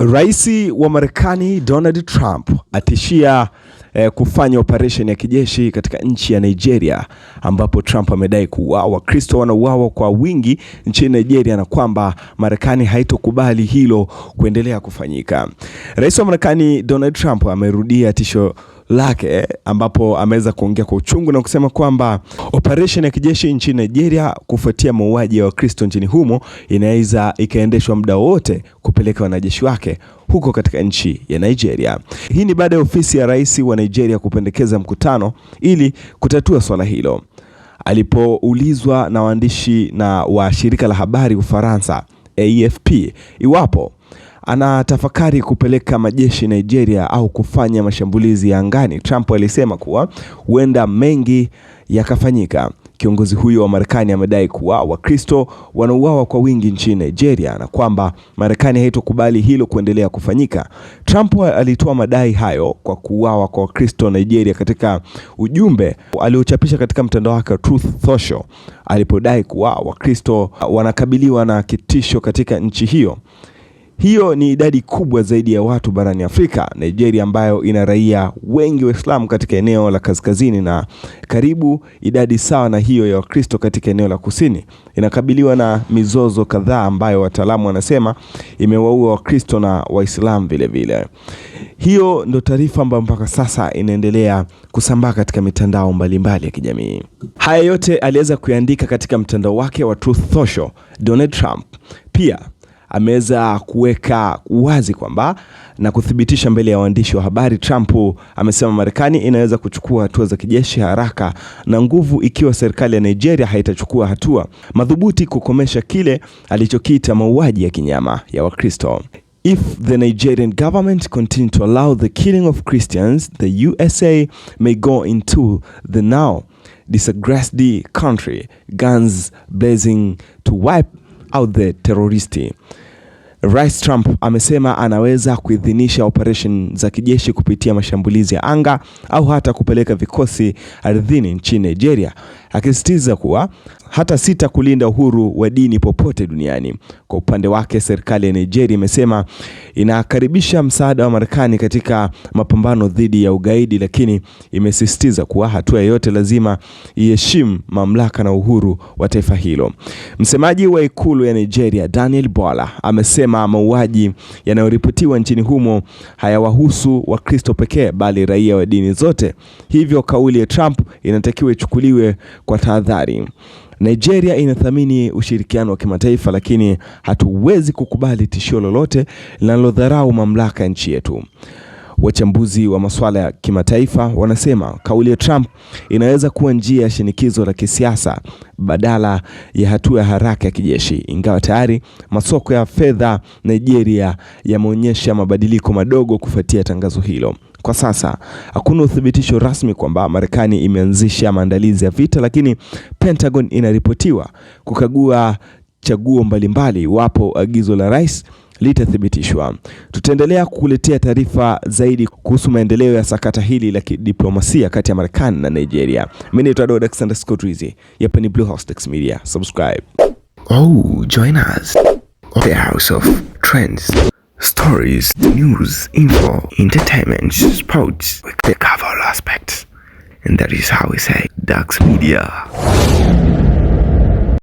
Rais wa Marekani Donald Trump atishia eh, kufanya operesheni ya kijeshi katika nchi ya Nigeria ambapo Trump amedai kuwa Wakristo wanauawa kwa wingi nchini Nigeria na kwamba Marekani haitokubali hilo kuendelea kufanyika. Rais wa Marekani Donald Trump amerudia tisho lake ambapo ameweza kuongea kwa uchungu na kusema kwamba operation ya kijeshi nchini Nigeria kufuatia mauaji ya Wakristo nchini humo inaweza ikaendeshwa muda wowote kupeleka wanajeshi wake huko katika nchi ya Nigeria. Hii ni baada ya ofisi ya rais wa Nigeria kupendekeza mkutano ili kutatua swala hilo. Alipoulizwa na waandishi na wa shirika la habari Ufaransa AFP iwapo anatafakari kupeleka majeshi Nigeria au kufanya mashambulizi ya angani, Trump alisema kuwa huenda mengi yakafanyika. Kiongozi huyo wa Marekani amedai kuwa Wakristo wanauawa kwa wingi nchini Nigeria na kwamba Marekani haitokubali hilo kuendelea kufanyika. Trump alitoa madai hayo kwa kuuawa kwa Wakristo Nigeria katika ujumbe aliochapisha katika mtandao wake wa Truth Social alipodai kuwa Wakristo wanakabiliwa na kitisho katika nchi hiyo. Hiyo ni idadi kubwa zaidi ya watu barani Afrika. Nigeria ambayo ina raia wengi Waislamu katika eneo la kaskazini na karibu idadi sawa na hiyo ya Wakristo katika eneo la kusini, inakabiliwa na mizozo kadhaa ambayo wataalamu wanasema imewaua Wakristo na Waislamu vilevile. Hiyo ndo taarifa ambayo mpaka sasa inaendelea kusambaa katika mitandao mbalimbali mbali ya kijamii. Haya yote aliweza kuyaandika katika mtandao wake wa Truth Social Donald Trump pia ameweza kuweka wazi kwamba na kuthibitisha mbele ya waandishi wa habari, Trump amesema Marekani inaweza kuchukua hatua za kijeshi haraka na nguvu ikiwa serikali ya Nigeria haitachukua hatua madhubuti kukomesha kile alichokiita mauaji ya kinyama ya Wakristo. If the Nigerian government continue to allow the killing of Christians, the USA may go into the now disgraced country, guns blazing to wipe au the terroristi. Rais Trump amesema anaweza kuidhinisha operation za kijeshi kupitia mashambulizi ya anga au hata kupeleka vikosi ardhini nchini Nigeria, akisisitiza kuwa hata sita kulinda uhuru wa dini popote duniani. Kwa upande wake, serikali ya Nigeria imesema inakaribisha msaada wa Marekani katika mapambano dhidi ya ugaidi, lakini imesisitiza kuwa hatua yoyote lazima iheshimu mamlaka na uhuru wa taifa hilo. Msemaji wa ikulu ya Nigeria, Daniel Bola, amesema anasema mauaji yanayoripotiwa nchini humo hayawahusu Wakristo pekee bali raia wa dini zote, hivyo kauli ya Trump inatakiwa ichukuliwe kwa tahadhari. Nigeria inathamini ushirikiano wa kimataifa lakini hatuwezi kukubali tishio lolote linalodharau mamlaka ya nchi yetu. Wachambuzi wa masuala ya kimataifa wanasema kauli ya Trump inaweza kuwa njia ya shinikizo la kisiasa badala ya hatua ya haraka ya kijeshi, ingawa tayari masoko ya fedha Nigeria yameonyesha mabadiliko madogo kufuatia tangazo hilo. Kwa sasa hakuna uthibitisho rasmi kwamba Marekani imeanzisha maandalizi ya vita, lakini Pentagon inaripotiwa kukagua chaguo mbalimbali iwapo agizo la rais litathibitishwa. Tutaendelea kukuletea taarifa zaidi kuhusu maendeleo ya sakata hili la kidiplomasia kati ya Marekani na Nigeria. Mimi ni Edward Alexander Scott Rizzi, hapa ni Blue House Dax Media. Subscribe. Oh, join us. The House of Trends, Stories, News, Info, Entertainment, Sports. We cover all aspects. And that is how we say Dax Media.